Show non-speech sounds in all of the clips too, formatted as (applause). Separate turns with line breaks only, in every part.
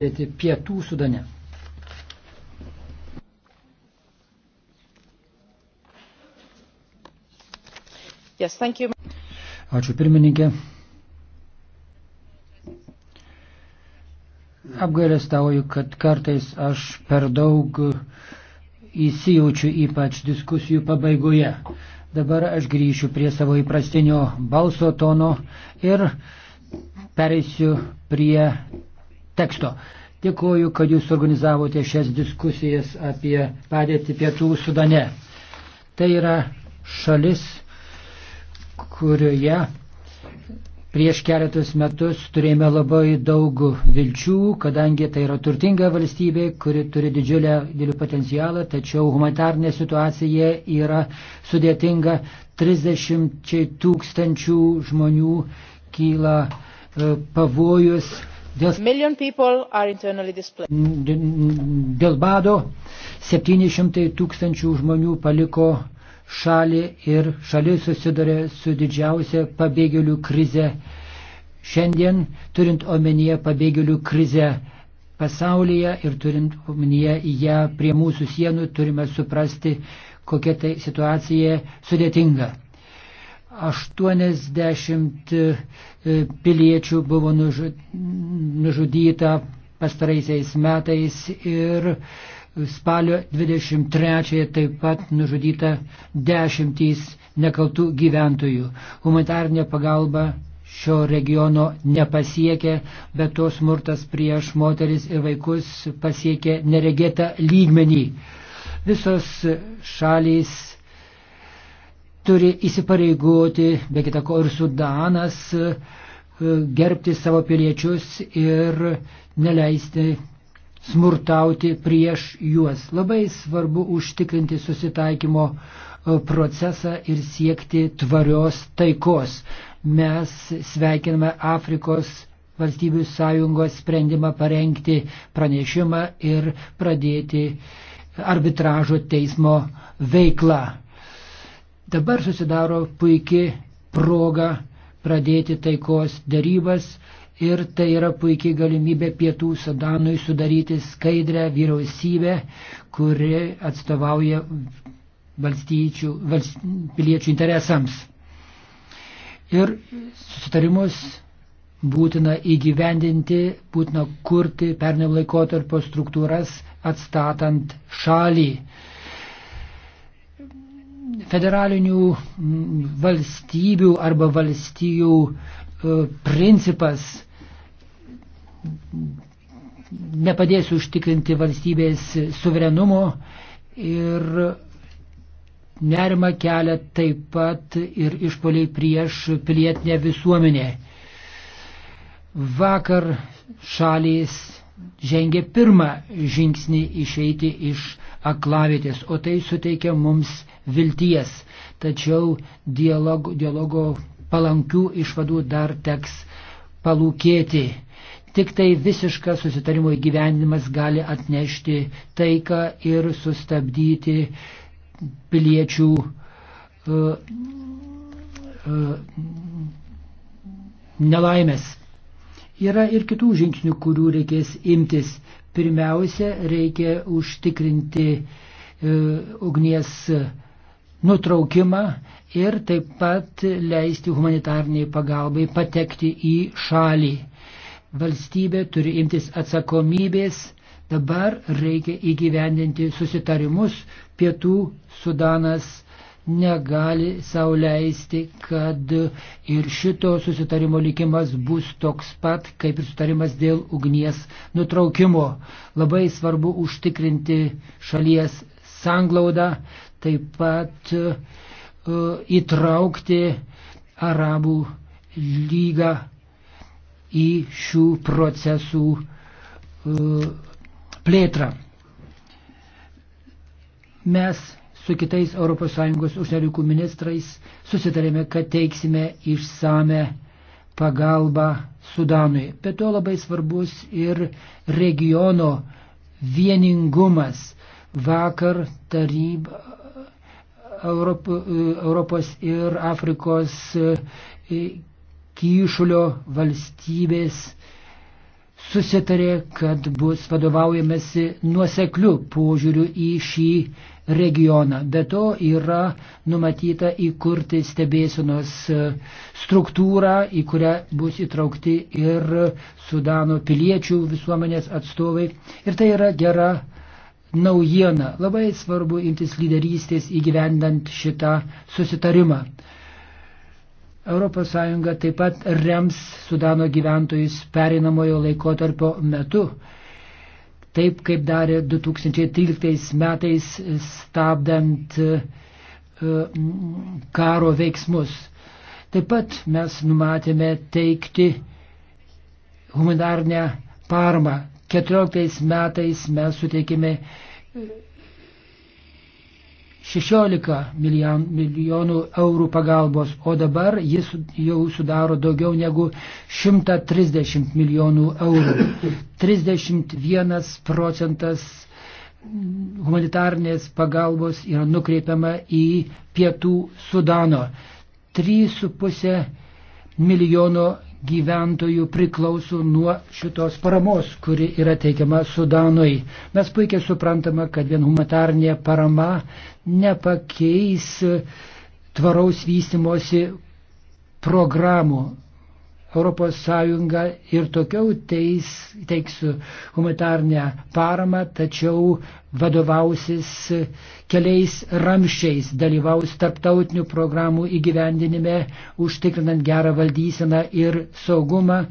pietų sudane.
Yes, Ačiū
pirmininkė. Apgailestauju, kad kartais aš per daug įsijaučiu ypač diskusijų pabaigoje. Dabar aš grįšiu prie savo įprastinio balso tono ir pereisiu prie teksto. Dėkuoju, kad jūs organizavote šias diskusijas apie padėtį pietų Sudane. Tai yra šalis, kurioje prieš keletus metus turėjome labai daug vilčių, kadangi tai yra turtinga valstybė, kuri turi didžiulę didelių potencialą, tačiau humanitarnė situacija yra sudėtinga. 30 tūkstančių žmonių kyla e, pavojus
Dėl,
dėl bado 700 tūkstančių žmonių paliko šalį ir šalis susidarė su didžiausia pabėgėlių krize. Šiandien, turint omenyje pabėgėlių krizę pasaulyje ir turint omenyje ją prie mūsų sienų, turime suprasti, kokia tai situacija sudėtinga. 80 e, piliečių buvo nužudyta pastaraisiais metais ir spalio 23 taip pat nužudyta dešimtys nekaltų gyventojų. Humanitarnė pagalba šio regiono nepasiekė, bet to smurtas prieš moteris ir vaikus pasiekė neregėtą lygmenį. Visos šalys turi įsipareigoti, be kita ko ir Sudanas, e, gerbti savo piliečius ir neleisti smurtauti prieš juos. Labai svarbu užtikrinti susitaikymo e, procesą ir siekti tvarios taikos. Mes sveikiname Afrikos valstybių sąjungos sprendimą parengti pranešimą ir pradėti arbitražo teismo veiklą. Dabar susidaro puikiai proga pradėti taikos darybas ir tai yra puikiai galimybė pietų Sudanui sudaryti skaidrę vyriausybę, kuri atstovauja valstyčių, valst, piliečių interesams. Ir susitarimus būtina įgyvendinti, būtina kurti pernio laikotarpio struktūras, atstatant šalį federalinių mm, valstybių arba valstijų e, principas nepadės užtikrinti valstybės suverenumo ir nerima kelia taip pat ir išpoliai prieš pilietinę visuomenę. Vakar šalys žengė pirmą žingsnį išeiti iš aklavitės, o tai suteikia mums vilties. Tačiau dialogo, dialogo palankių išvadų dar teks palūkėti. Tik tai visiškas susitarimo įgyvendimas gali atnešti taiką ir sustabdyti piliečių uh, uh, nelaimės. Yra ir kitų žingsnių, kurių reikės imtis. Pirmiausia, reikia užtikrinti e, ugnies nutraukimą ir taip pat leisti humanitarniai pagalbai patekti į šalį. Valstybė turi imtis atsakomybės, dabar reikia įgyvendinti susitarimus, pietų Sudanas negali sauliaisti, kad ir šito susitarimo likimas bus toks pat, kaip ir sutarimas dėl ugnies nutraukimo. Labai svarbu užtikrinti šalies sanglaudą, taip pat uh, įtraukti Arabų lygą į šių procesų uh, plėtrą. Mes su kitais ES užsienio ministrais susitarėme, kad teiksime išsame pagalbą Sudanui. Bet to labai svarbus ir regiono vieningumas. Vakar taryba Europ, Europos ir Afrikos e, e, kyšulio valstybės susitarė, kad bus vadovaujamasi nuosekliu požiūriu į šį regioną. Be to yra numatyta įkurti stebėsinos e, struktūrą, į kurią bus įtraukti ir Sudano piliečių visuomenės atstovai. Ir tai yra gera naujiena. Labai svarbu imtis lyderystės įgyvendant šitą susitarimą. ES taip pat rems Sudano gyventojus pereinamojo laikotarpio metu, taip kaip darė 2013 metais stabdant e, mm, karo veiksmus. Taip pat mes numatėme teikti humanitarnę paramą. 14 metais mes suteikėme 16 milijonų eurų pagalbos, o dabar jis jau sudaro daugiau negu 130 milijonų eurų. 31 procentas humanitarnės pagalbos yra nukreipiama į pietų Sudano. 3,5 milijono gyventojų priklauso nuo šitos paramos, kuri yra teikiama Sudanui. Mes puikiai suprantame, kad vien humanitarnė parama nepakeis tvaraus vystimosi programų. ES ir tokiau teis, teiks humanitarnę paramą, tačiau vadovausis keliais ramščiais, dalyvaus tarptautinių programų įgyvendinime, užtikrinant gerą valdyseną ir saugumą,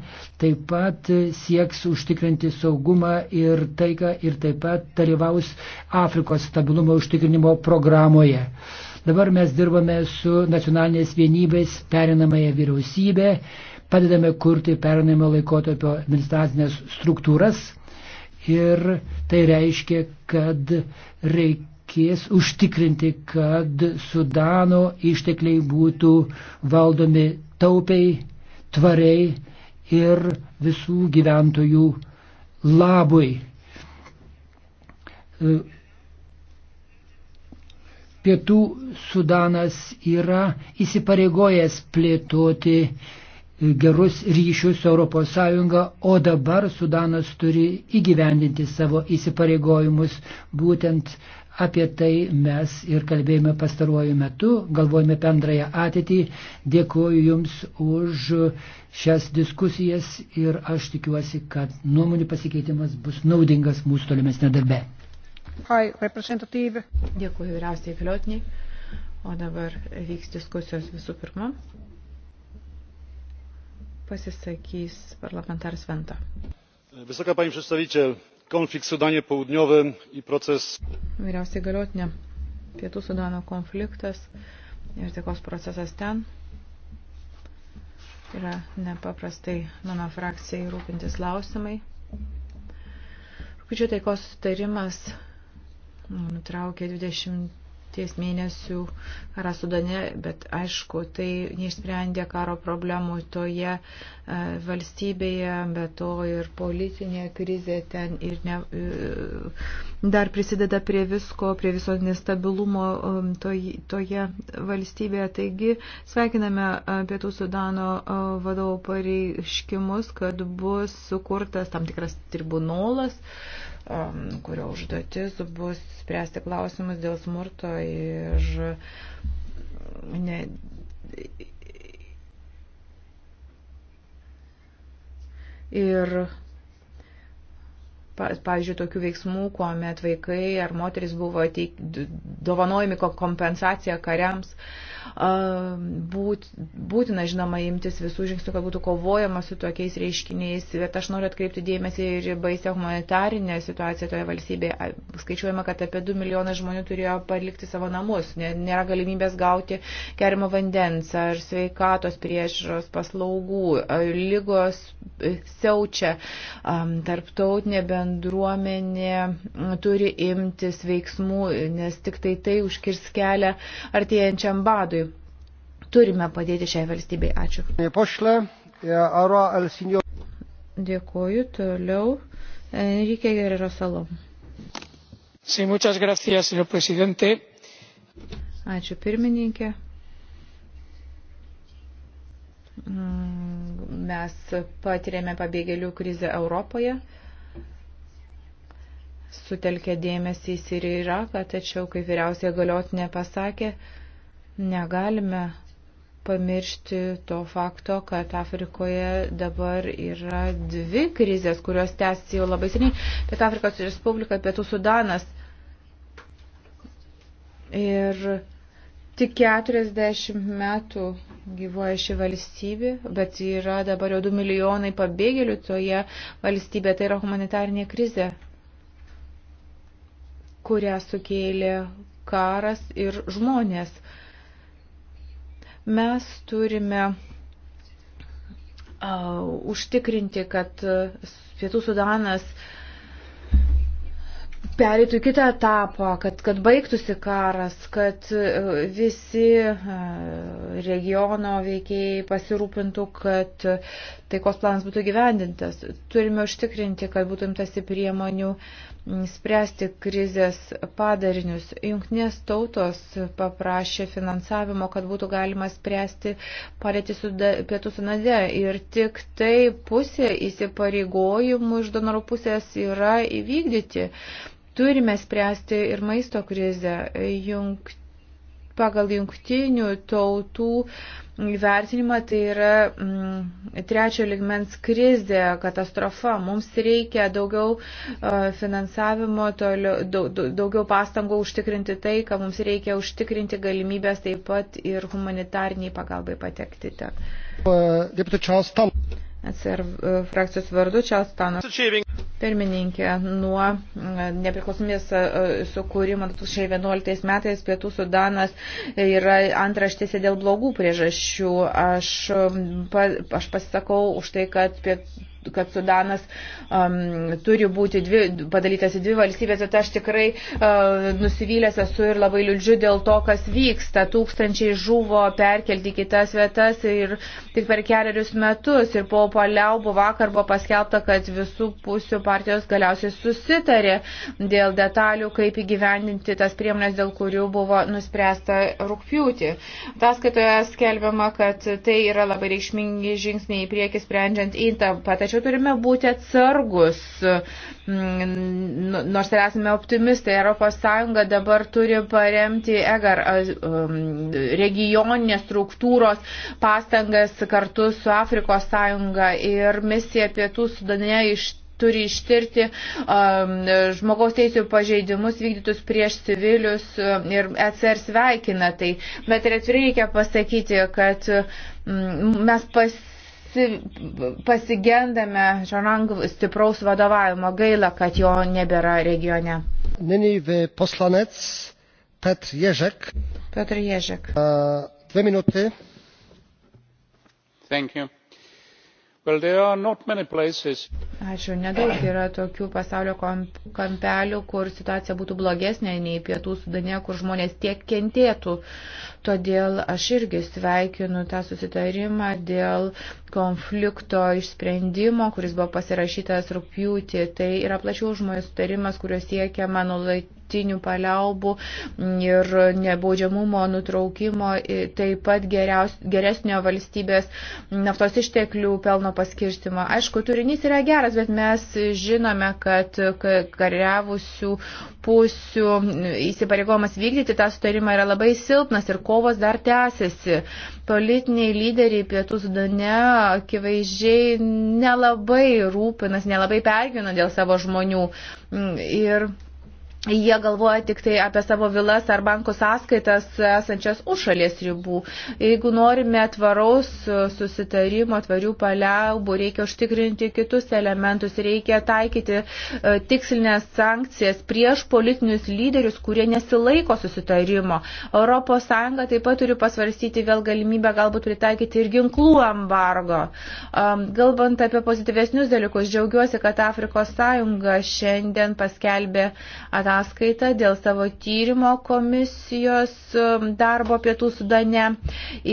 taip pat sieks užtikrinti saugumą ir taiką ir taip pat dalyvaus Afrikos stabilumo užtikrinimo programoje. Dabar mes dirbame su nacionalinės vienybės perinamąją vyriausybę, padedame kurti pernimo laikotarpio administracinės struktūras ir tai reiškia, kad reikės užtikrinti, kad Sudano ištekliai būtų valdomi taupiai, tvariai ir visų gyventojų labui. Pietų Sudanas yra įsipareigojęs plėtoti gerus ryšius su ES, o dabar Sudanas turi įgyvendinti savo įsipareigojimus. Būtent apie tai mes ir kalbėjome pastaruoju metu, galvojame bendrąją ateitį. Dėkuoju Jums už šias diskusijas ir aš tikiuosi, kad nuomonių pasikeitimas bus naudingas mūsų tolimesnė darbe.
Dėkuoju vyriausiai piliotiniai. O dabar vyks diskusijos visų pirma pasisakys parlamentaras Venta.
Wysoka Pani Przedstawiciel, konflikt Sudanie Południowym i proces.
Vyriausiai galiotinė, Pietų Sudano konfliktas ir taikos procesas ten yra nepaprastai mano frakcijai rūpintis klausimai. Rūpiučio taikos sutarimas nutraukė 20 ties mėnesių karą Sudane, bet aišku, tai neišsprendė karo problemų toje e, valstybėje, bet to ir politinė krizė ten ir ne, e, dar prisideda prie visko, prie viso nestabilumo e, toje, toje valstybėje. Taigi sveikiname Pietų Sudano vadovų pareiškimus, kad bus sukurtas tam tikras tribunolas Um, kurio užduotis bus spręsti klausimus dėl smurto ir ne, ir pavyzdžiui, tokių veiksmų, kuomet vaikai ar moteris buvo teik, dovanojami kompensacija kariams. Būt, būtina, žinoma, imtis visų žingsnių, kad būtų kovojama su tokiais reiškiniais, bet aš noriu atkreipti dėmesį ir baisę humanitarinę situaciją toje valstybėje. Skaičiuojama, kad apie 2 milijonai žmonių turėjo palikti savo namus, nėra galimybės gauti kerimo vandens ar sveikatos priežiūros paslaugų, lygos siaučia tarptautinė bendruomenė bendruomenė turi imtis veiksmų, nes tik tai tai užkirs kelią artėjančiam badui. Turime padėti šiai valstybei. Ačiū. Dėkuoju. Toliau. Enrique Guerrero Salom.
Sí, muchas gracias, señor presidente.
Ačiū pirmininkė. Mm, mes patirėme pabėgėlių krizę Europoje sutelkė dėmesį į Siriją ir Iraką, tačiau, kaip vyriausiai galiotinė pasakė, negalime pamiršti to fakto, kad Afrikoje dabar yra dvi krizės, kurios tęsiasi jau labai seniai. Pietų Afrikos Respublika, Pietų Sudanas. Ir tik 40 metų gyvoja ši valstybė, bet yra dabar jau 2 milijonai pabėgėlių toje valstybėje. Tai yra humanitarinė krizė kurią sukėlė karas ir žmonės. Mes turime uh, užtikrinti, kad Pietų Sudanas uh, pereitų į kitą etapą, kad, kad baigtųsi karas, kad e, visi e, regiono veikėjai pasirūpintų, kad taikos planas būtų gyvendintas. Turime užtikrinti, kad būtų imtasi priemonių spręsti krizės padarinius. Junknės tautos paprašė finansavimo, kad būtų galima spręsti padėtį su pietų sunade. Ir tik tai pusė įsipareigojimų iš donorų pusės yra įvykdyti. Turime spręsti ir maisto krizę. Jungt, pagal jungtinių tautų vertinimą tai yra mm, trečio ligmens krizė, katastrofa. Mums reikia daugiau uh, finansavimo, toliau, daug, daugiau pastangų užtikrinti tai, ką mums reikia užtikrinti galimybės taip pat ir humanitarniai pagalbai patekti ten. Deputačiaus tam atsir e, frakcijos vardu Čelstano. Pirmininkė, nuo e, nepriklausomės e, sukūrimo 2011 metais Pietų Sudanas yra antraštėse dėl blogų priežasčių. Aš, pa, aš pasisakau už tai, kad pietų kad Sudanas um, turi būti dvi, padalytas į dvi valstybės, bet aš tikrai uh, nusivylęs esu ir labai liūdžiu dėl to, kas vyksta. Tūkstančiai žuvo perkelti kitas vietas ir tik per keliarius metus. Ir po paliaubų vakar buvo paskelbta, kad visų pusių partijos galiausiai susitarė dėl detalių, kaip įgyvendinti tas priemonės, dėl kurių buvo nuspręsta rūpjūti. Taskaitoje skelbiama, kad tai yra labai reikšmingi žingsniai į priekį sprendžiant įtampą. Tačiau Tačiau turime būti atsargus, mm, nu, nors ir esame optimistai. ES dabar turi paremti EGAR um, regioninės struktūros pastangas kartu su Afrikos sąjunga ir misija pietų sudane iš turi ištirti um, žmogaus teisų pažeidimus vykdytus prieš civilius um, ir ECR sveikina tai. Bet ir atvirai reikia pasakyti, kad um, mes pasirinkime pasi, pasigendame Žorang stipraus vadovavimo. Gaila, kad jo nebėra regione. Nini poslanec Petr Ježek. Petr Ježek. Uh, dvi minuty. Thank you. Well, Ačiū. Nedaug yra tokių pasaulio kampelių, kur situacija būtų blogesnė nei pietų sudane, kur žmonės tiek kentėtų. Todėl aš irgi sveikinu tą susitarimą dėl konflikto išsprendimo, kuris buvo pasirašytas rūpjūtį. Tai yra plačiau žmonių sutarimas, kurio siekiama nulatinių paliaubų ir nebaudžiamumo nutraukimo, taip pat geriaus, geresnio valstybės naftos išteklių pelno paskirstimo. Aišku, turinys yra geras, bet mes žinome, kad kariavusių pusių įsipareigojimas vykdyti tą sutarimą yra labai silpnas ir ko kovos dar tęsiasi. Politiniai lyderiai pietų sudane akivaizdžiai nelabai rūpinas, nelabai pergina dėl savo žmonių. Mm, ir Jie galvoja tik tai apie savo vilas ar bankų sąskaitas esančias už šalies ribų. Jeigu norime tvaraus susitarimo, tvarių paliaubų, reikia užtikrinti kitus elementus, reikia taikyti e, tikslinės sankcijas prieš politinius lyderius, kurie nesilaiko susitarimo. ES taip pat turi pasvarstyti vėl galimybę galbūt pritaikyti ir ginklų embargo. Galbant apie pozityvesnius dalykus, džiaugiuosi, kad Afrikos sąjunga šiandien paskelbė ataskaitą ataskaitą dėl savo tyrimo komisijos um, darbo pietų sudane.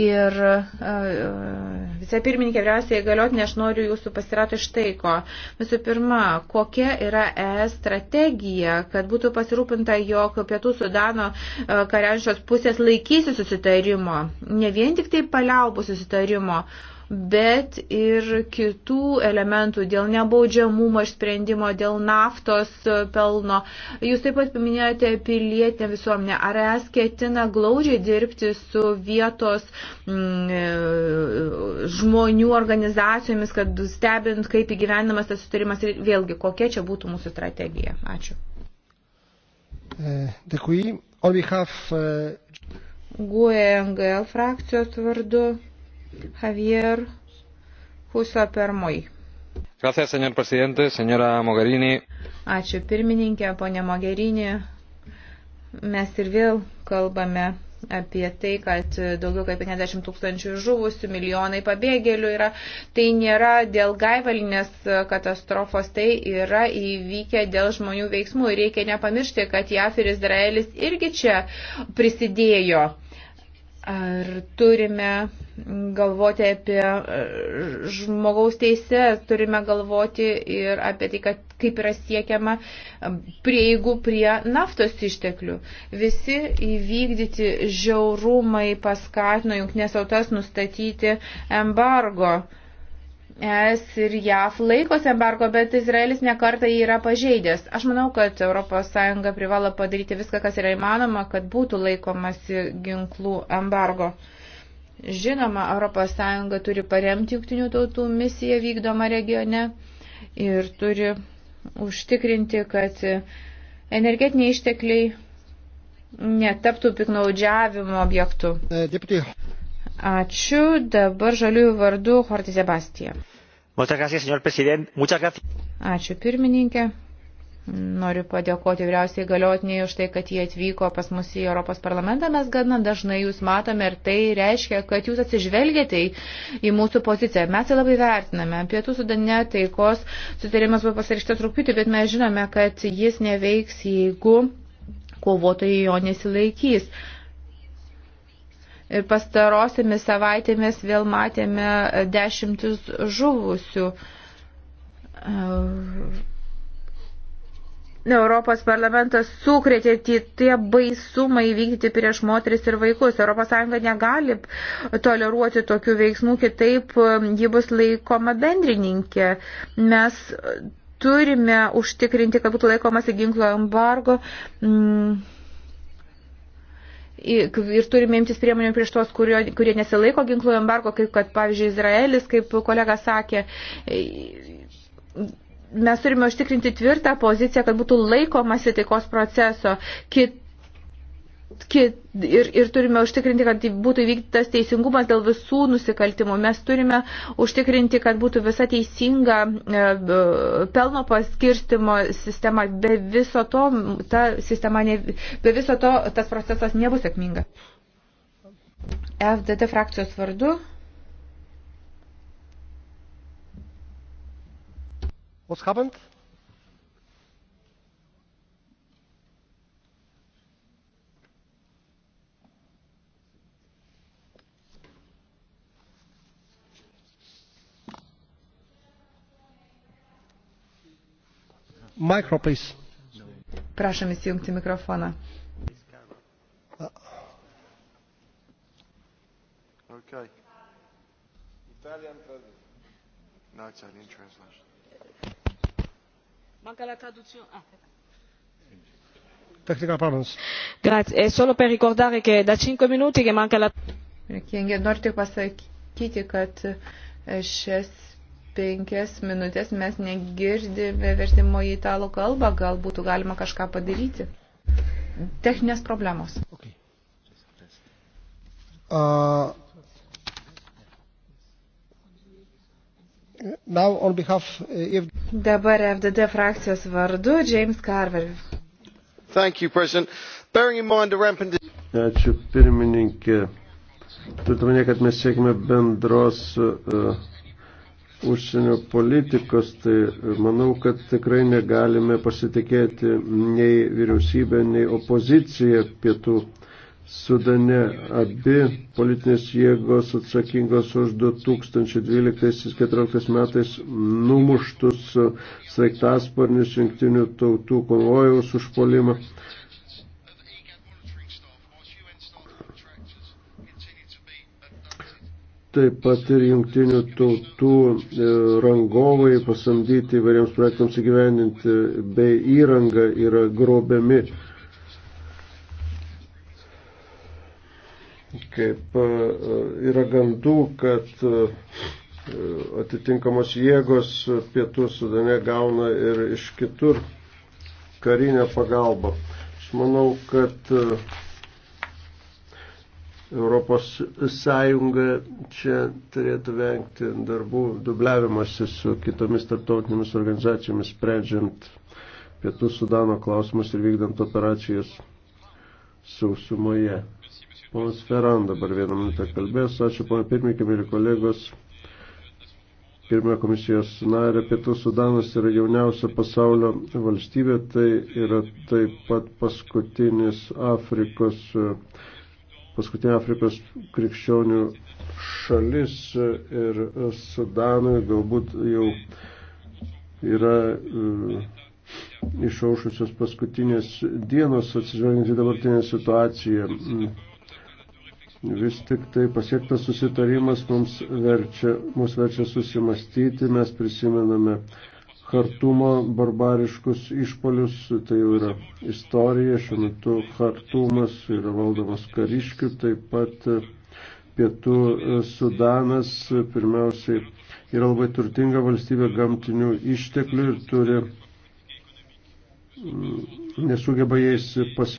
Ir uh, uh, vicepirmininkė vyriausiai galiotinė, aš noriu jūsų pasirauti štai ko. Visų pirma, kokia yra ES strategija, kad būtų pasirūpinta, jog pietų sudano uh, kariančios pusės laikysi susitarimo, ne vien tik tai paliaubų susitarimo, bet ir kitų elementų dėl nebaudžiamumo išsprendimo, dėl naftos pelno. Jūs taip pat paminėjote pilietinę visuomenę. Ar es ketina glaudžiai dirbti su vietos mm, e, žmonių organizacijomis, kad stebint, kaip įgyvenimas tas sutarimas ir vėlgi, kokia čia būtų mūsų strategija?
Ačiū. E, dėkui. On behalf... E,
GUE NGL frakcijos vardu Javier Huso Permui. Gracias, señor presidente, señora Mogherini. Ačiū pirmininkė, ponė Mogherini. Mes ir vėl kalbame apie tai, kad daugiau kaip 50 tūkstančių žuvusių, milijonai pabėgėlių yra. Tai nėra dėl gaivalinės katastrofos, tai yra įvykę dėl žmonių veiksmų. Ir reikia nepamiršti, kad JAF ir Izraelis irgi čia prisidėjo Ar turime galvoti apie e, žmogaus teises, turime galvoti ir apie tai, kad kaip yra siekiama e, prieigų prie naftos išteklių. Visi įvykdyti žiaurumai paskatino jungtinės autas nustatyti embargo. Uh, ES ir JAF laikosi embargo, bet Izraelis nekartą jį yra pažeidęs. Aš manau, kad ES privalo padaryti viską, kas yra įmanoma, kad būtų laikomasi ginklų embargo. Žinoma, ES turi paremti jungtinių tautų misiją vykdomą regione ir turi užtikrinti, kad energetiniai ištekliai netaptų piknaudžiavimo objektų. Deputė. Ačiū. Dabar žaliųjų vardu Horti Sebastija. Ačiū pirmininkė. Noriu padėkoti vyriausiai galiotiniai už tai, kad jie atvyko pas mus į Europos parlamentą. Mes gana dažnai jūs matome ir tai reiškia, kad jūs atsižvelgėte į, į mūsų poziciją. Mes tai labai vertiname. Pietų sudane taikos sutarimas buvo pasirašytas rūpiutį, bet mes žinome, kad jis neveiks, jeigu kovotojai jo nesilaikys. Ir pastarosiamis savaitėmis vėl matėme dešimtis žuvusių. Europos parlamentas sukrėtė tie baisumai vykdyti prieš moteris ir vaikus. ES negali toleruoti tokių veiksmų, kitaip um, ji bus laikoma bendrininkė. Mes turime užtikrinti, kad būtų laikomasi ginklo embargo. Mm ir turime imtis priemonių prieš tuos, kurio, kurie nesilaiko ginklų embargo, kaip kad, pavyzdžiui, Izraelis, kaip kolega sakė. E, mes turime užtikrinti tvirtą poziciją, kad būtų laikomasi taikos proceso. Kit ir, ir turime užtikrinti, kad būtų įvykdytas teisingumas dėl visų nusikaltimų. Mes turime užtikrinti, kad būtų visa teisinga e, pelno paskirstimo sistema. Be viso to, ta sistema ne, be viso to tas procesas nebus sėkmingas. FDD frakcijos vardu. What's happened? Micro, please. Prašom įsijungti mikrofoną.
Okay. Italian no, Italian translation.
Manca la traduzione. Ah, Technical problems. Grazie. E solo per ricordare che da
5 minuti che manca la... Kienge, noriu tik pasakyti, kad eh, šis penkias minutės mes negirdime vertimo į italų kalbą, gal būtų galima kažką padaryti. Techninės problemos. Okay. Uh, now on behalf, if... Uh, Dabar FDD frakcijos vardu James Carver.
Thank you, President. Bearing in mind the rampant... Ačiū pirmininkė. Turite mane, kad mes siekime bendros uh, užsienio politikos, tai manau, kad tikrai negalime pasitikėti nei vyriausybė, nei opozicija pietų Sudane. Abi politinės jėgos atsakingos už 2012-2014 metais numuštus sveiktasparnius jungtinių tautų konvojaus užpolimą. Taip pat ir jungtinių tautų e, rangovai pasamdyti įvairiems projektams įgyveninti bei įranga yra grobiami. Kaip e, yra gandų, kad e, atitinkamos jėgos pietų sudane gauna ir iš kitur karinę pagalbą. Aš manau, kad Europos Sąjunga čia turėtų vengti darbų dubliavimuose su kitomis tarptautinėmis organizacijomis, sprendžiant Pietų Sudano klausimus ir vykdant operacijas sausumoje. Ponas Ferran dabar vieną minutę kalbės. Ačiū, ponai pirmininkai, mėly kolegos. Pirmoje komisijos narė Pietų Sudanas yra jauniausia pasaulio valstybė, tai yra taip pat paskutinis Afrikos uh, paskutinė Afrikos krikščionių šalis ir Sudanui galbūt jau yra e, išaušusios paskutinės dienos atsižvelgiant į dabartinę situaciją. Vis tik tai pasiektas susitarimas mums verčia, mus verčia susimastyti, mes prisimename uh, Hartumo barbariškus išpolius, tai jau yra istorija, šiuo metu Hartumas yra valdomas kariškių, taip pat pietų Sudanas pirmiausiai yra labai turtinga valstybė gamtinių išteklių ir turi nesugeba jais pas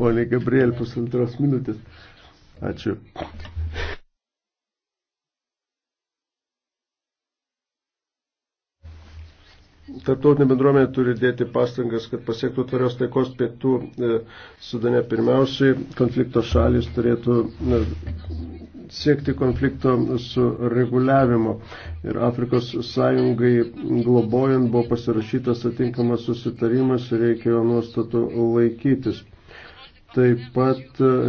Pone Gabriel, pusantros minutės. Ačiū. Tarptautinė bendruomenė turi dėti pastangas, kad pasiektų tvarios taikos pietų e, sudane. Pirmiausiai, konflikto šalis turėtų e, siekti konflikto su reguliavimo. Ir Afrikos sąjungai globojant buvo pasirašytas atinkamas susitarimas ir reikėjo nuostatų laikytis. Taip pat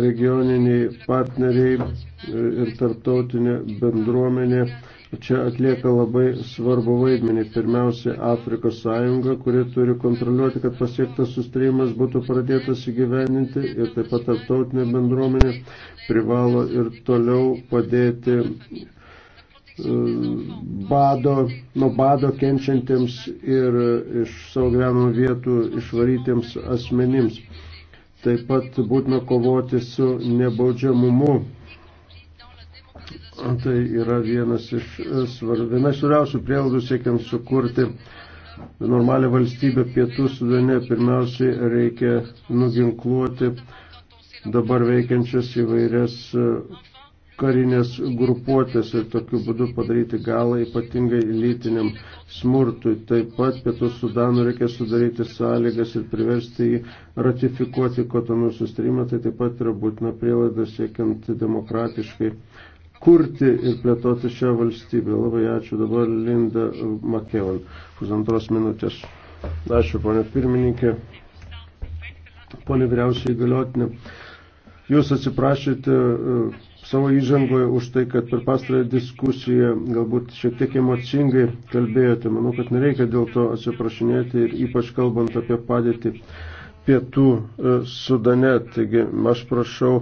regioniniai partneriai ir tarptautinė bendruomenė čia atlieka labai svarbu vaidmenį. Pirmiausia, Afrikos sąjunga, kuri turi kontroliuoti, kad pasiektas sustarimas būtų pradėtas įgyveninti ir taip pat tarptautinė bendruomenė privalo ir toliau padėti e, bado, nuo bado kenčiantiems ir iš savo gyvenamų vietų išvarytiems asmenims. Taip pat būtina kovoti su nebaudžiamumu. Tai yra vienas iš e, svarbiausių svarbiausių prielaidų siekiant sukurti normalią valstybę pietų sudane. Pirmiausiai reikia nuginkluoti dabar veikiančias įvairias e, karinės grupuotės ir tokiu būdu padaryti galą ypatingai lytiniam smurtui. Taip pat Pietų Sudanų reikia sudaryti sąlygas ir priversti jį ratifikuoti kotonų sustarimą, tai taip pat yra būtina prielaida siekiant demokratiškai kurti ir plėtoti šią valstybę. Labai ačiū dabar Linda Makevan. Pusantros minutės. Ačiū, ponė pirmininkė. Pone vyriausiai galiotinė. Jūs atsiprašėte savo įžangoje už tai, kad per pastarąją diskusiją galbūt šiek tiek emocingai kalbėjote. Manau, kad nereikia dėl to atsiprašinėti ir ypač kalbant apie padėtį pietų e, sudane. Taigi aš prašau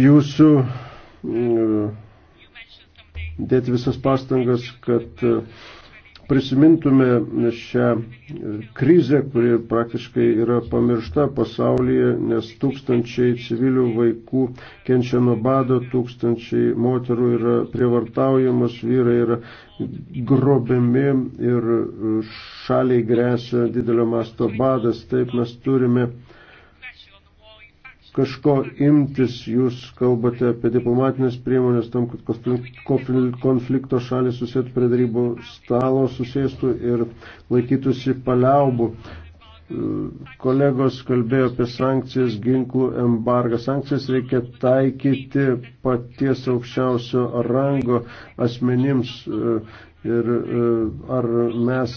jūsų e, dėti visas pastangas, kad uh, prisimintume šią e, krizę, kuri praktiškai yra pamiršta pasaulyje, nes tūkstančiai civilių vaikų kenčia nuo bado, tūkstančiai moterų yra prievartaujamos, vyrai yra grobiami ir e, šaliai grėsia didelio masto badas. Taip mes turime kažko imtis. Jūs kalbate apie diplomatinės priemonės tam, kad konflikto šalis susėtų prie darybų stalo, susėstų ir laikytųsi paliaubų. Kolegos kalbėjo apie sankcijas, ginklų embargą. Sankcijas reikia taikyti paties aukščiausio rango asmenims. Ir ar mes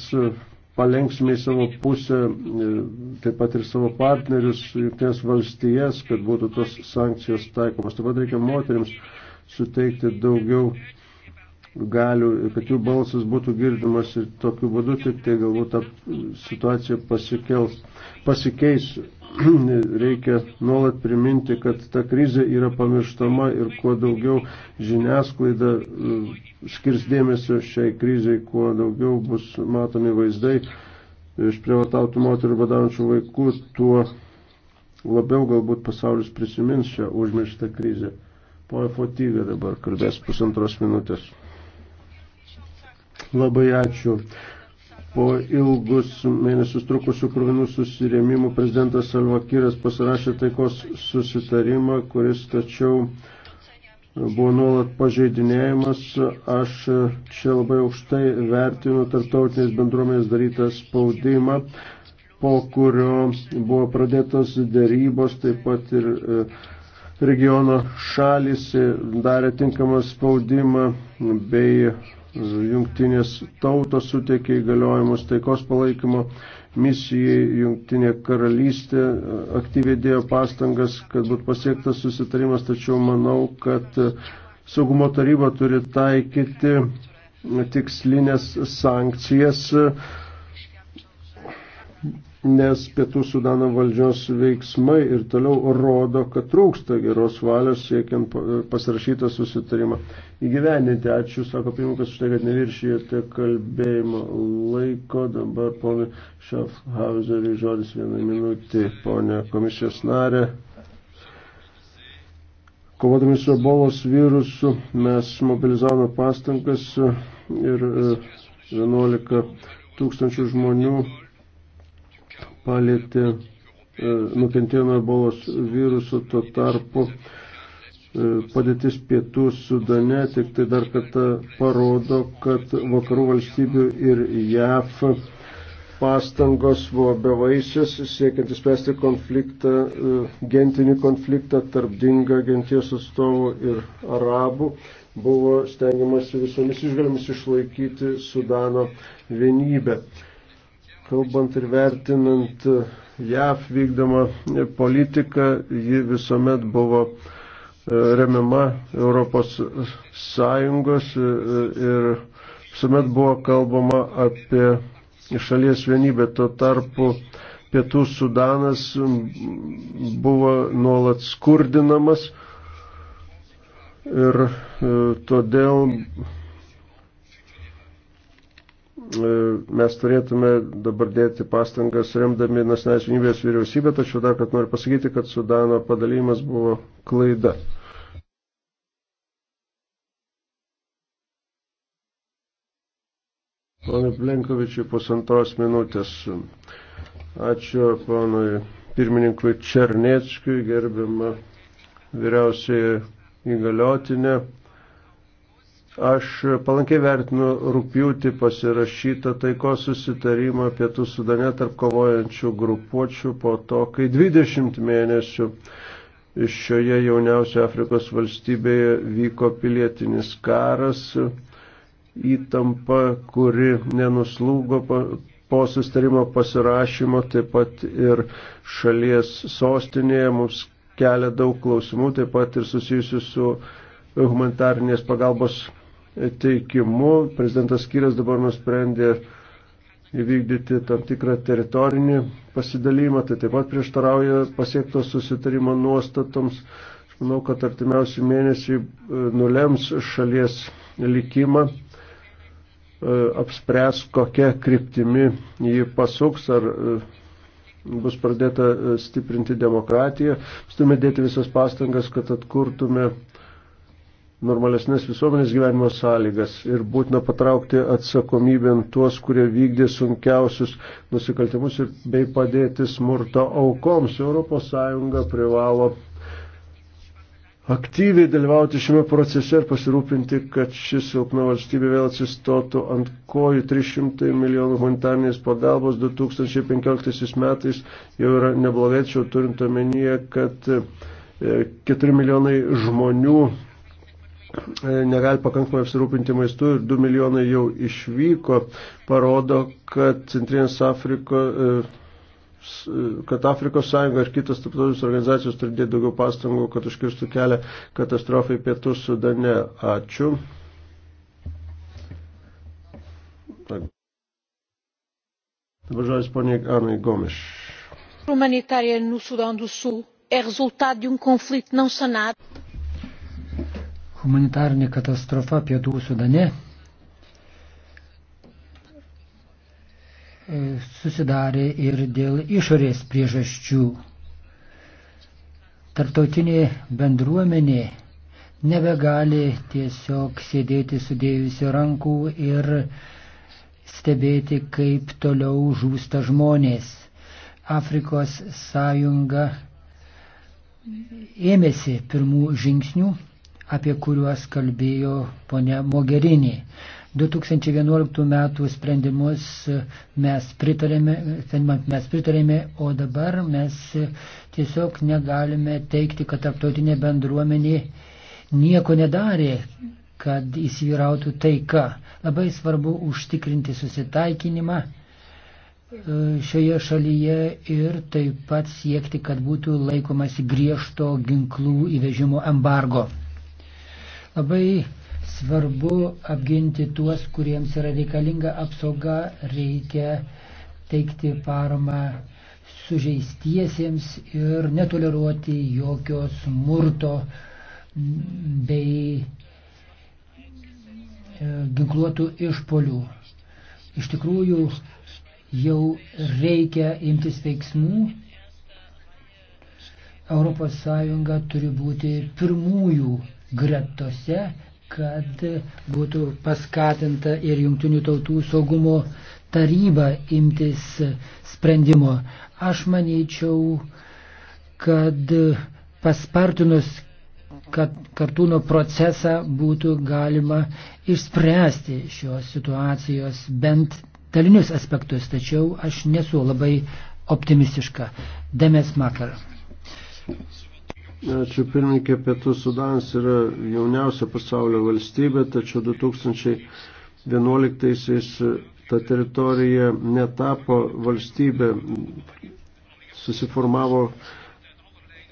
palenksime į savo pusę e, taip pat ir savo partnerius, jungtinės valstijas, kad būtų tos sankcijos taikomos. Taip pat reikia moteriams suteikti daugiau galių, kad jų balsas būtų girdimas ir tokiu būdu tik tai galbūt ta situacija pasikels, pasikeis. (clears throat) reikia nuolat priminti, kad ta krizė yra pamirštama ir kuo daugiau žiniasklaida uh, skirs dėmesio šiai kriziai, kuo daugiau bus matomi vaizdai iš prievartautų moterų badaujančių vaikų, tuo labiau galbūt pasaulis prisimins šią užmirštą krizę. Poe Fotyga dabar kalbės pusantros minutės. Labai ačiū. Po ilgus mėnesius trukusių krūvinų susirėmimų prezidentas Salvakiras pasirašė taikos susitarimą, kuris tačiau buvo nuolat pažeidinėjimas. Aš čia labai aukštai vertinu tarptautinės bendruomenės darytą spaudimą, po kurio buvo pradėtos dėrybos, taip pat ir e, regiono šalis e, darė tinkamą spaudimą bei Jungtinės tautos suteikė įgaliojimus taikos palaikymo misijai, Jungtinė karalystė e, aktyviai dėjo pastangas, kad būtų pasiektas susitarimas, tačiau manau, kad e, saugumo taryba turi taikyti tikslinės sankcijas nes pietų sudano valdžios veiksmai ir toliau rodo, kad trūksta geros valios siekiant pasirašytą susitarimą įgyveninti. Ačiū, sako pirmininkas, už tai, kad neviršijote kalbėjimo laiko. Dabar ponui Schaffhauseriui žodis vieną minutį, ponė komisijos narė. Kovodami su ebolos virusu mes mobilizavome pastangas ir 11 e, tūkstančių žmonių palėtė e, nukentėjo nuo ebolos viruso, tuo tarpu e, padėtis pietų sudane tik tai dar kartą parodo, kad vakarų valstybių ir JAF pastangos buvo bevaisės, siekiant įspręsti konfliktą, e, gentinį konfliktą tarp dinga genties atstovų ir arabų, buvo stengiamasi visomis išgalimis išlaikyti Sudano vienybę kalbant ir vertinant JAV vykdomą politiką, ji visuomet buvo e, remiama Europos Sąjungos e, ir visuomet buvo kalbama apie šalies vienybę. Tuo tarpu Pietų Sudanas buvo nuolat skurdinamas ir e, todėl mes turėtume dabar dėti pastangas remdami nacionalinės vienybės vyriausybę, tačiau dar kad noriu pasakyti, kad Sudano padalymas buvo klaida. Pane Plenkovičiai, pusantros minutės. Ačiū panui pirmininkui Černėčkiui, gerbiamą vyriausiai įgaliotinę. Aš palankiai vertinu rūpjūti pasirašytą taikos susitarimą pietų sudane tarp kovojančių grupuočių po to, kai 20 mėnesių šioje jauniausio Afrikos valstybėje vyko pilietinis karas, įtampa, kuri nenuslūgo po sustarimo pasirašymo, taip pat ir šalies sostinėje mums kelia daug klausimų, taip pat ir susijusių su humanitarnės pagalbos teikimu. Prezidentas Kyras dabar nusprendė įvykdyti tam tikrą teritorinį pasidalymą, tai taip pat prieštarauja pasiektos susitarimo nuostatoms. Aš manau, kad artimiausi mėnesiai e, nulems šalies likimą, e, apspręs, kokia kryptimi jį pasuks, ar e, bus pradėta stiprinti demokratiją. Mes turime dėti visas pastangas, kad atkurtume normalesnės visuomenės gyvenimo sąlygas ir būtina patraukti atsakomybėn tuos, kurie vykdė sunkiausius nusikaltimus ir bei padėti smurto aukoms. ES privalo aktyviai dalyvauti šiame procese ir pasirūpinti, kad ši silpna valstybė vėl atsistotų ant kojų 300 milijonų humanitarnės pagalbos 2015 metais jau yra neblogėčiau turint omenyje, kad 4 e, milijonai žmonių E, negali pakankamai apsirūpinti maistu ir 2 milijonai jau išvyko, parodo, kad Centrinės Afriko, e, e, kad Afrikos Sąjunga ir kitas tarptautinės organizacijos turi dėti daugiau pastangų, kad užkirstų kelią katastrofai pietų sudane. Ačiū. Dabar žodis poniai Anai Gomiš.
Humanitária no Sudão do Sul é resultado de um conflito não sanado.
Humanitarinė katastrofa pietų sudane e, susidarė ir dėl išorės priežasčių. Tarptautinė bendruomenė nebegali tiesiog sėdėti sudėjusi rankų ir stebėti, kaip toliau žūsta žmonės. Afrikos sąjunga ėmėsi pirmų žingsnių apie kuriuos kalbėjo ponia Mogerinė. 2011 metų sprendimus mes pritarėme, mes pritarėme, o dabar mes tiesiog negalime teikti, kad tarptautinė bendruomenė nieko nedarė, kad įsivyrautų taika. Labai svarbu užtikrinti susitaikinimą e, šioje šalyje ir taip pat siekti, kad būtų laikomasi griežto ginklų įvežimo embargo. Labai svarbu apginti tuos, kuriems yra reikalinga apsauga, reikia teikti paramą sužeistiesiems ir netoleruoti jokio smurto bei e, ginkluotų išpolių. Iš tikrųjų, jau reikia imtis veiksmų. ES turi būti pirmųjų gretose, kad būtų paskatinta ir Junktinių tautų saugumo taryba imtis sprendimo. Aš manyčiau, kad paspartinus kad kartūno procesą būtų galima išspręsti šios situacijos bent dalinius aspektus, tačiau aš nesu labai optimistiška. Demes Makar.
Ačiū pirmininkė, Pietų Sudanas yra jauniausia pasaulio valstybė, tačiau 2011-aisiais ta teritorija netapo valstybė, susiformavo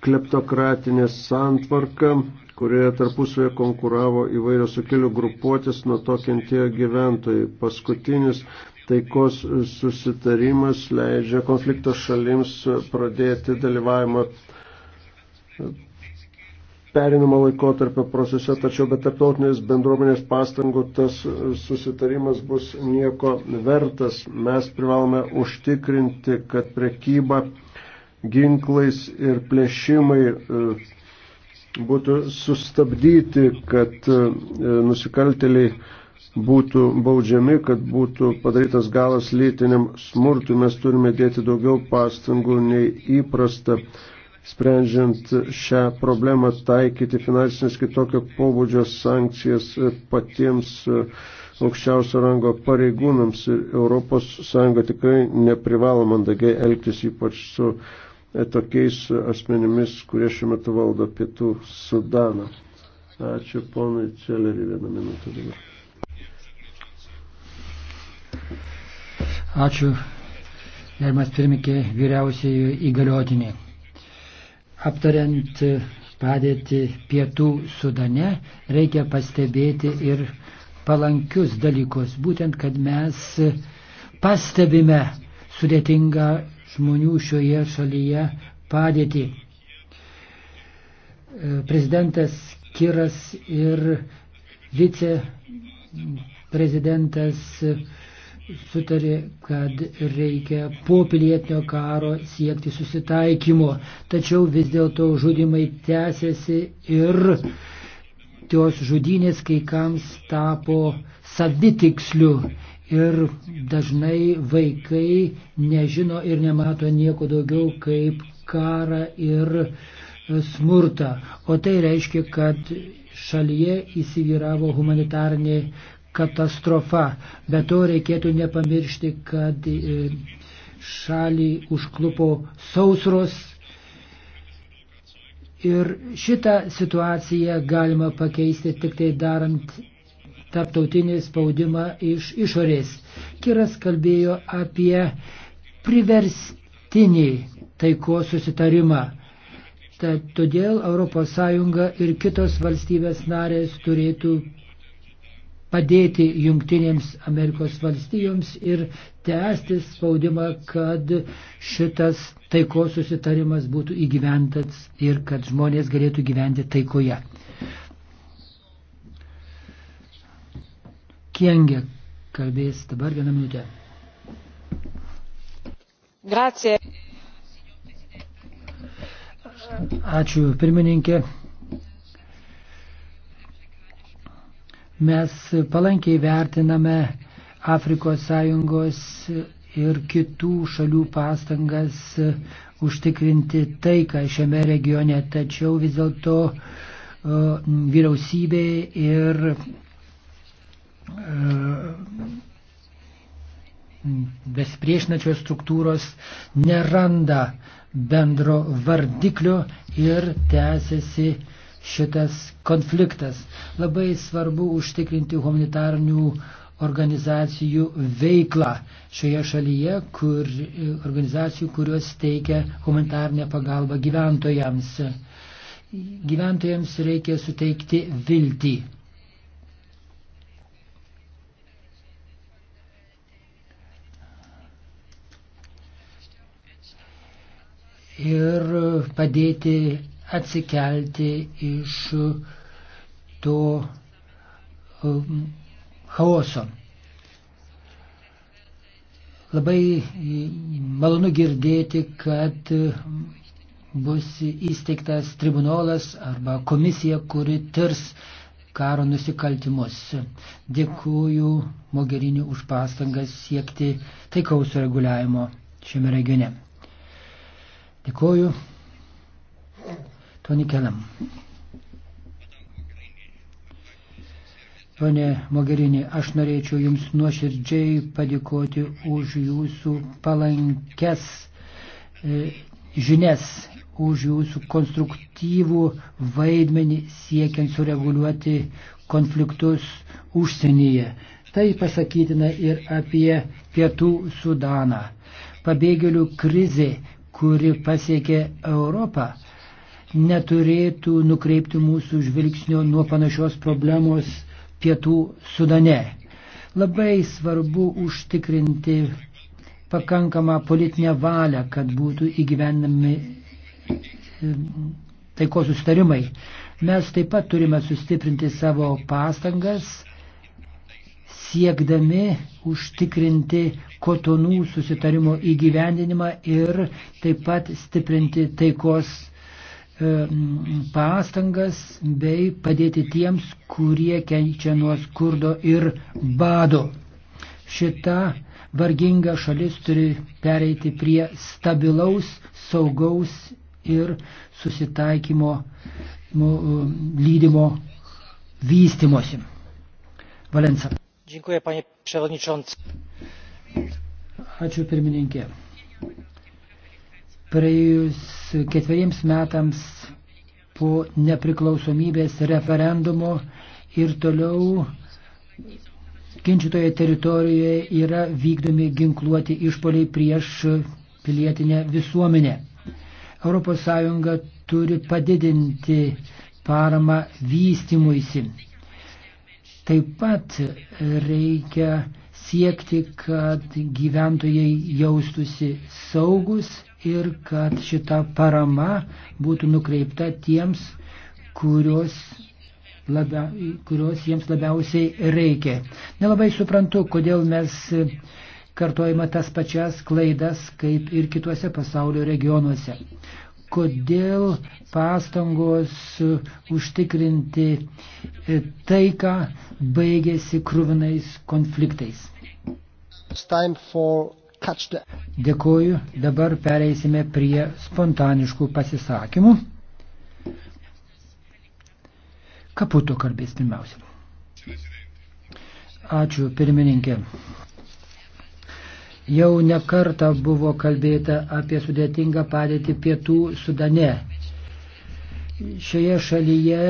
kleptokratinė santvarka, kurioje tarpusvėje konkuravo įvairios sukelių grupuotės, nuo to kentėjo gyventojai. Paskutinis taikos susitarimas leidžia konflikto šalims pradėti dalyvavimą perinimo laikotarpio procese, tačiau be tarptautinės bendruomenės pastangų tas susitarimas bus nieko vertas. Mes privalome užtikrinti, kad prekyba ginklais ir plėšimai e, būtų sustabdyti, kad e, nusikalteliai būtų baudžiami, kad būtų padarytas galas lytiniam smurtui. Mes turime dėti daugiau pastangų nei įprasta sprendžiant šią problemą taikyti finansinės kitokio pobūdžio sankcijas patiems aukščiausio rango pareigūnams. ES tikrai neprivalo mandagiai elgtis ypač su tokiais asmenimis, kurie šiuo metu valdo pietų Sudaną. Ačiū ponui Celerį vieną minutę dabar.
Ačiū, gerbiamas pirmininkė, vyriausiai įgaliotinė. Aptariant padėti pietų sudane, reikia pastebėti ir palankius dalykus. Būtent, kad mes pastebime sudėtingą žmonių šioje šalyje padėtį. Prezidentas Kiras ir viceprezidentas sutarė, kad reikia po pilietinio karo siekti susitaikymo. Tačiau vis dėlto žudimai tęsiasi ir tos žudynės kai kams tapo savitiksliu. Ir dažnai vaikai nežino ir nemato nieko daugiau kaip karą ir smurtą. O tai reiškia, kad šalyje įsivyravo humanitarnė katastrofa. Be to reikėtų nepamiršti, kad e, šalį užklupo sausros. Ir šitą situaciją galima pakeisti tik tai darant tarptautinį spaudimą iš išorės. Kiras kalbėjo apie priverstinį taiko susitarimą. Tad todėl ES ir kitos valstybės narės turėtų padėti Junktinėms Amerikos valstijoms ir tęsti spaudimą, kad šitas taikos susitarimas būtų įgyventas ir kad žmonės galėtų gyventi taikoje. Kiengė kalbės dabar vieną minutę. Grazie. Ačiū pirmininkė. Mes palankiai vertiname Afrikos sąjungos ir kitų šalių pastangas užtikrinti taiką šiame regione, tačiau vis dėlto e, vyriausybė ir e, besipriešinačios struktūros neranda bendro vardiklio ir tęsiasi šitas konfliktas. Labai svarbu užtikrinti humanitarnių organizacijų veiklą šioje šalyje, kur, organizacijų, kurios teikia humanitarnę pagalbą gyventojams. Gyventojams reikia suteikti viltį. Ir padėti atsikelti iš to um, chaoso. Labai malonu girdėti, kad bus įsteigtas tribunolas arba komisija, kuri tirs karo nusikaltimus. Dėkuoju Mogherini už pastangas siekti taikaus reguliavimo šiame regione. Dėkuoju. Tony Kelam. Pone Mogerinė, aš norėčiau Jums nuoširdžiai padėkoti už Jūsų palankes e, žinias, už Jūsų konstruktyvų vaidmenį siekiant sureguliuoti konfliktus užsienyje. Tai pasakytina ir apie Pietų Sudaną. Pabėgėlių krizė, kuri pasiekė Europą, neturėtų nukreipti mūsų žvilgsnio nuo panašios problemos pietų Sudane. Labai svarbu užtikrinti pakankamą politinę valią, kad būtų įgyvendami e, taikos sustarimai. Mes taip pat turime sustiprinti savo pastangas, siekdami užtikrinti kotonų susitarimo įgyvendinimą ir taip pat stiprinti taikos E, pastangas bei padėti tiems, kurie kenčia nuo skurdo ir bado. Šita varginga šalis turi pereiti prie stabilaus, saugaus ir susitaikymo e, lydimo vystimosi. Valensa. Dziękuję, panie przewodniczący. Ačiū pirmininkė praėjus ketveriems metams po nepriklausomybės referendumo ir toliau ginčitoje teritorijoje yra vykdomi ginkluoti išpoliai prieš pilietinę visuomenę. ES turi padidinti paramą vystimuisi. Taip pat reikia siekti, kad gyventojai jaustųsi saugus ir kad šita parama būtų nukreipta tiems, kurios, labia, kurios jiems labiausiai reikia. Nelabai suprantu, kodėl mes kartojame tas pačias klaidas kaip ir kituose pasaulio regionuose. Kodėl pastangos užtikrinti taiką baigėsi krūvinais konfliktais. It's time for Dėkuoju. Dabar pereisime prie spontaniškų pasisakymų. Kaputo kalbės pirmiausia. Ačiū, pirmininkė. Jau nekarta buvo kalbėta apie sudėtingą padėtį pietų Sudane. Šioje šalyje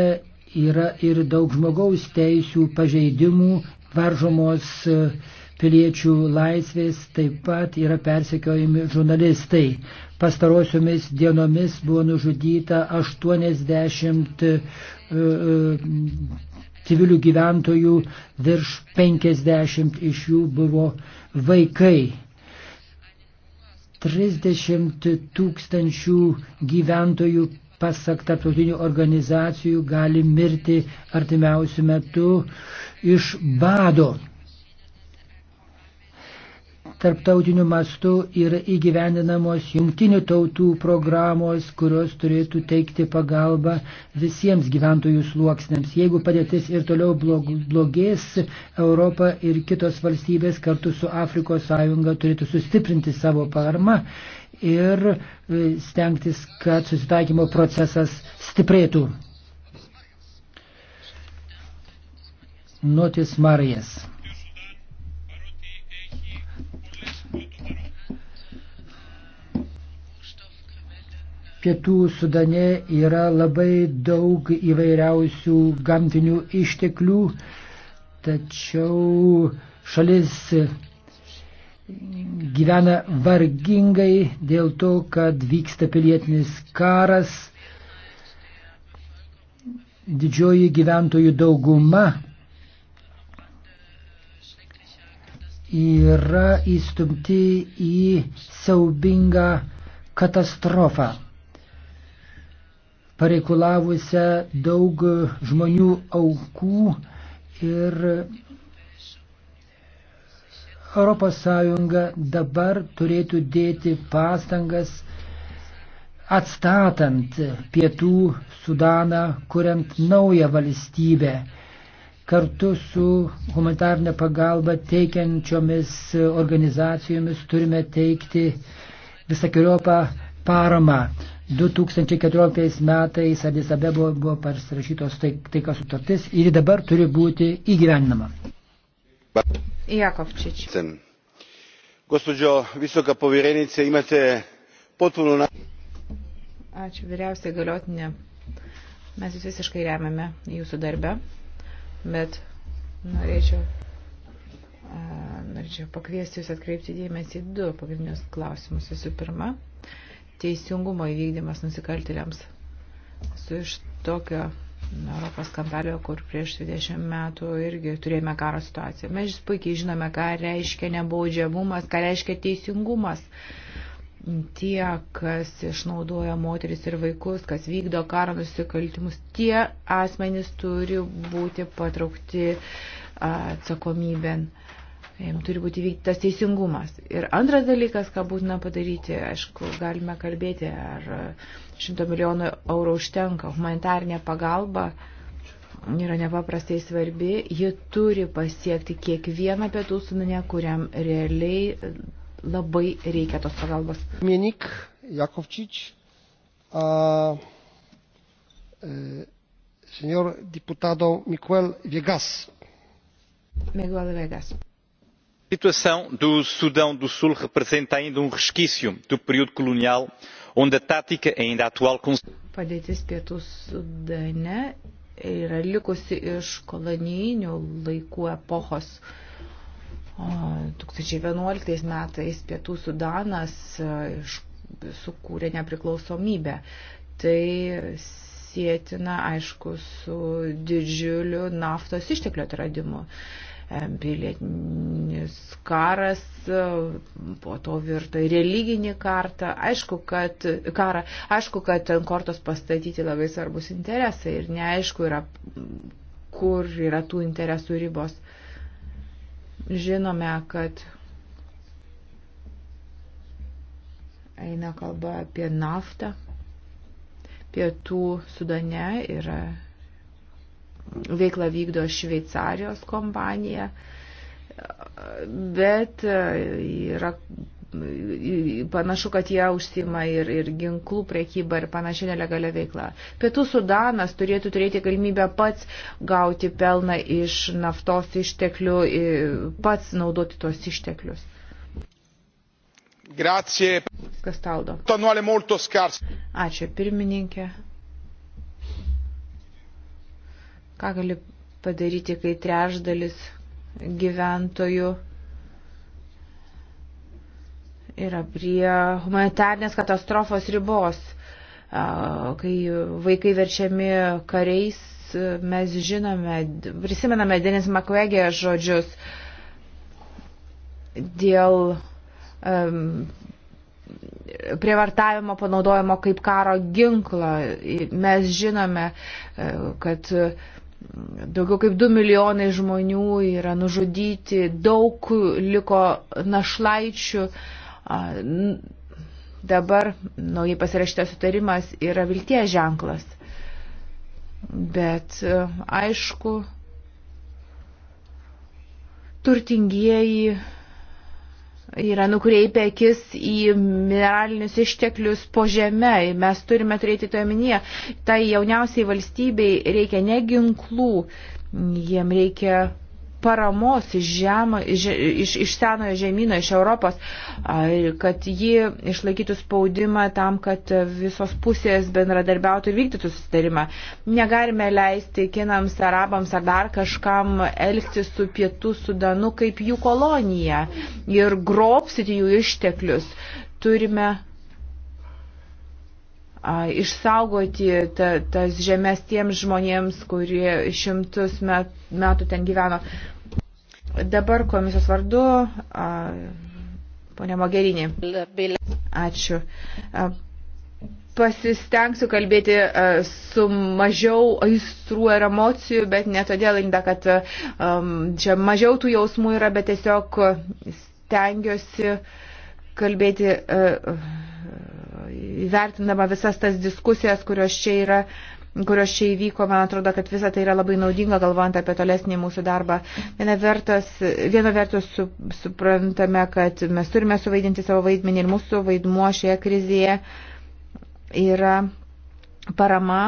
yra ir daug žmogaus teisų pažeidimų, varžomos uh, piliečių laisvės, taip pat yra persekiojami žurnalistai. Pastarosiomis dienomis buvo nužudyta 80 e, e, civilių gyventojų, virš 50 iš jų buvo vaikai. 30 tūkstančių gyventojų pasak tarptautinių organizacijų gali mirti artimiausių metų iš bado tarptautiniu mastu yra įgyvendinamos jungtinių tautų programos, kurios turėtų teikti pagalbą visiems gyventojų sluoksniams. Jeigu padėtis ir toliau blogės, Europa ir kitos valstybės kartu su Afrikos sąjunga turėtų sustiprinti savo paramą ir e, stengtis, kad susitaikymo procesas stiprėtų. Notis Marijas. Pietų Sudane yra labai daug įvairiausių gamtinių išteklių, tačiau šalis gyvena vargingai dėl to, kad vyksta pilietinis karas. Didžioji gyventojų dauguma yra įstumti į siaubingą katastrofą pareikulavusią daug žmonių aukų ir ES dabar turėtų dėti pastangas atstatant pietų Sudaną, kuriant naują valstybę kartu su humanitarnė pagalba teikiančiomis organizacijomis turime teikti visakiojopą paramą. 2014 metais Adis Abebo buvo pasirašytos tai, taikos sutartis ir dabar turi būti įgyvendinama.
Jakovčić. Gospođo visoka povjerenice, imate potpuno na... Ačiū vyriausiai galiotinė. Mes jūs visiškai remiame jūsų darbę, bet norėčiau norėčiau pakviesti Jūs atkreipti dėmesį į du pagrindinius klausimus. Visų pirma, teisingumo įvykdymas nusikaltėliams. Esu iš tokio Europos kampelio, kur prieš 20 metų irgi turėjome karo situaciją. Mes puikiai žinome, ką reiškia nebaudžiamumas, ką reiškia teisingumas. Tie, kas išnaudoja moteris ir vaikus, kas vykdo karo nusikaltimus, tie asmenys turi būti patraukti atsakomybėn. Uh, jam turi būti vykdytas teisingumas. Ir antras dalykas, ką būtina padaryti, aišku, galime kalbėti, ar šimto milijonų eurų užtenka, humanitarinė pagalba yra nepaprastai svarbi, ji turi pasiekti kiekvieną pietų suminę, kuriam realiai labai reikia tos pagalbos. Mienik Jakovčič,
a, e, senor diputado Miguel Viegas. Miguel Viegas
a situação do sudão do sul representa ainda um resquício do período colonial onde a tática ainda atual Padėtis pietų Sudane yra likusi iš kolonijinių laikų epochos. 2011 metais pietų Sudanas e, sukūrė nepriklausomybę. Tai sėtina, aišku, su didžiuliu naftos išteklio atradimu. E, pilietinis karas, e, po to virto į religinį kartą. Aišku, kad, karą, aišku, kad ant kortos pastatyti labai svarbus interesai ir neaišku yra, kur yra tų interesų ribos. Žinome, kad eina kalba apie naftą. Pietų Sudane yra veiklą vykdo Šveicarijos kompanija, bet e, yra panašu, kad jie užsima ir, ir ginklų priekybą ir panašiai nelegalią veiklą. Pietų Sudanas turėtų turėti galimybę pats gauti pelną iš naftos išteklių, pats naudoti tuos išteklius. Grazie. Kastaldo. Ačiū pirmininkė. Ką gali padaryti, kai trešdalis gyventojų yra prie humanitarnės katastrofos ribos, kai vaikai verčiami kariais, mes žinome, prisimename Denis Makvegė žodžius dėl um, prievartavimo panaudojimo kaip karo ginklą. Mes žinome, e, kad uh, Daugiau kaip 2 milijonai žmonių yra nužudyti, daug liko našlaičių. Dabar naujai pasirašytas sutarimas yra vilties ženklas. Bet e, aišku, turtingieji yra nukreipę akis į mineralinius išteklius po žeme. Mes turime turėti to tai omenyje. Tai jauniausiai valstybei reikia ne ginklų, jiem reikia paramos iš, žemo, iš, iš, iš senojo žemyno, iš Europos, kad ji išlaikytų spaudimą tam, kad visos pusės bendradarbiautų ir vykdytų susitarimą. Negalime leisti kinams, arabams ar dar kažkam elgtis su pietų sudanu kaip jų kolonija ir grobsyti jų išteklius. Turime išsaugoti ta, tas žemės tiems žmonėms, kurie šimtus met, metų ten gyveno. Dabar komisijos vardu. A, Pone Mogerinė. Ačiū. Pasistengsiu kalbėti su mažiau aistrų ir emocijų, bet ne todėl, Inda, kad čia mažiau tų jausmų yra, bet tiesiog stengiuosi kalbėti įvertindama visas tas diskusijas, kurios čia yra. Uh, kurios čia įvyko, man atrodo, kad visa tai yra labai naudinga, galvojant apie tolesnį mūsų darbą. Viena vertus, viena vertus su, suprantame, kad mes turime suvaidinti savo vaidmenį ir mūsų vaidmuo šioje krizėje yra parama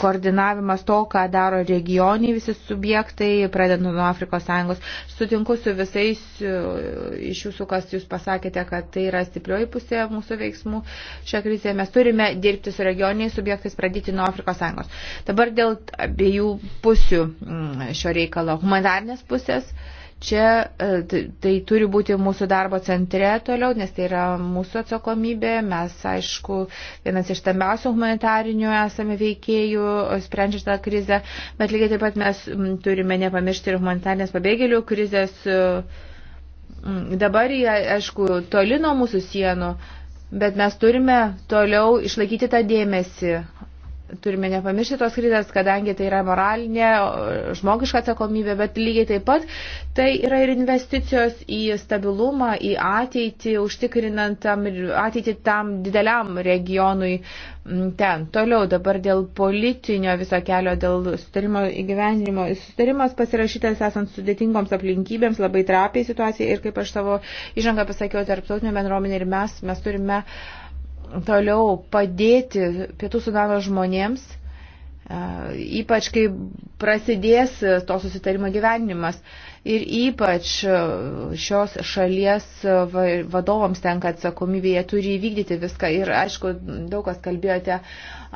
koordinavimas to, ką daro regioniai visi subjektai, pradedant nuo Afrikos Sąjungos. Sutinku su visais e, iš jūsų, kas jūs pasakėte, kad tai yra stiprioji pusė mūsų veiksmų šią krizę. Mes turime dirbti su regioniniais subjektais, pradėti nuo Afrikos Sąjungos. Dabar dėl abiejų pusių mm, šio reikalo. Humanitarnės pusės. Uh, Čia e, tai turi būti mūsų darbo centre toliau, nes tai yra mūsų atsakomybė. Mes, aišku, vienas iš stambiausių humanitarinių esame veikėjų, e, sprendžia šitą krizę, bet lygiai taip pat mes turime nepamiršti ir humanitarinės pabėgėlių krizės. E, dabar jie, aišku, toli nuo mūsų sienų, bet mes turime toliau išlaikyti tą dėmesį turime nepamiršti tos krizės, kadangi tai yra moralinė, žmogiška atsakomybė, bet lygiai taip pat tai yra ir investicijos į stabilumą, į ateitį, užtikrinant tam, ateitį tam dideliam regionui ten. Toliau dabar dėl politinio viso kelio, dėl sutarimo įgyvendinimo. Sutarimas pasirašytas esant sudėtingoms aplinkybėms, labai trapiai situacijai ir kaip aš savo įžangą pasakiau, tarptautinio bendruomenė ir mes, mes turime uh, toliau padėti pietų sudano žmonėms, e, ypač kai prasidės to susitarimo gyvenimas. Ir ypač e, šios šalies e, vadovams tenka atsakomybė, jie turi įvykdyti viską. Ir aišku, daug kas kalbėjote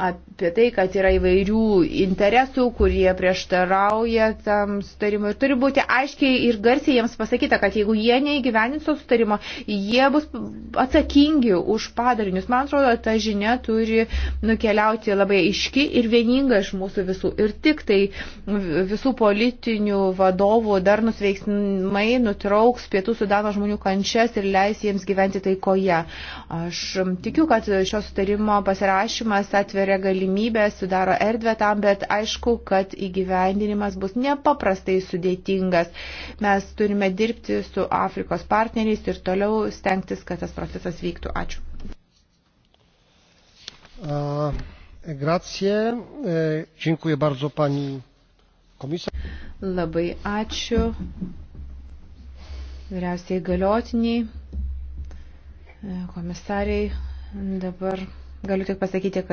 apie tai, kad yra įvairių interesų, kurie prieštarauja tam sutarimui. Ir turi būti aiškiai ir garsiai jiems pasakyta, kad jeigu jie neįgyvenins to sutarimo, jie bus atsakingi už padarinius. Man atrodo, ta žinia turi nukeliauti labai aiški ir vieninga iš mūsų visų. Ir tik tai visų politinių vadovų dar nusipelnė ES veiksmai nutrauks pietų sudano žmonių kančias ir leis jiems gyventi taikoje. Aš tikiu, kad šio sutarimo pasirašymas atveria galimybę, sudaro erdvę tam, bet aišku, kad įgyvendinimas bus nepaprastai sudėtingas. Mes turime dirbti su Afrikos partneriais ir toliau stengtis, kad tas procesas vyktų. Ačiū.
Uh,
grazie. Uh, dziękuję bardzo pani Komisija.
Labai ačiū. Vyriausiai galiotiniai, e, komisariai, dabar galiu tik pasakyti, kad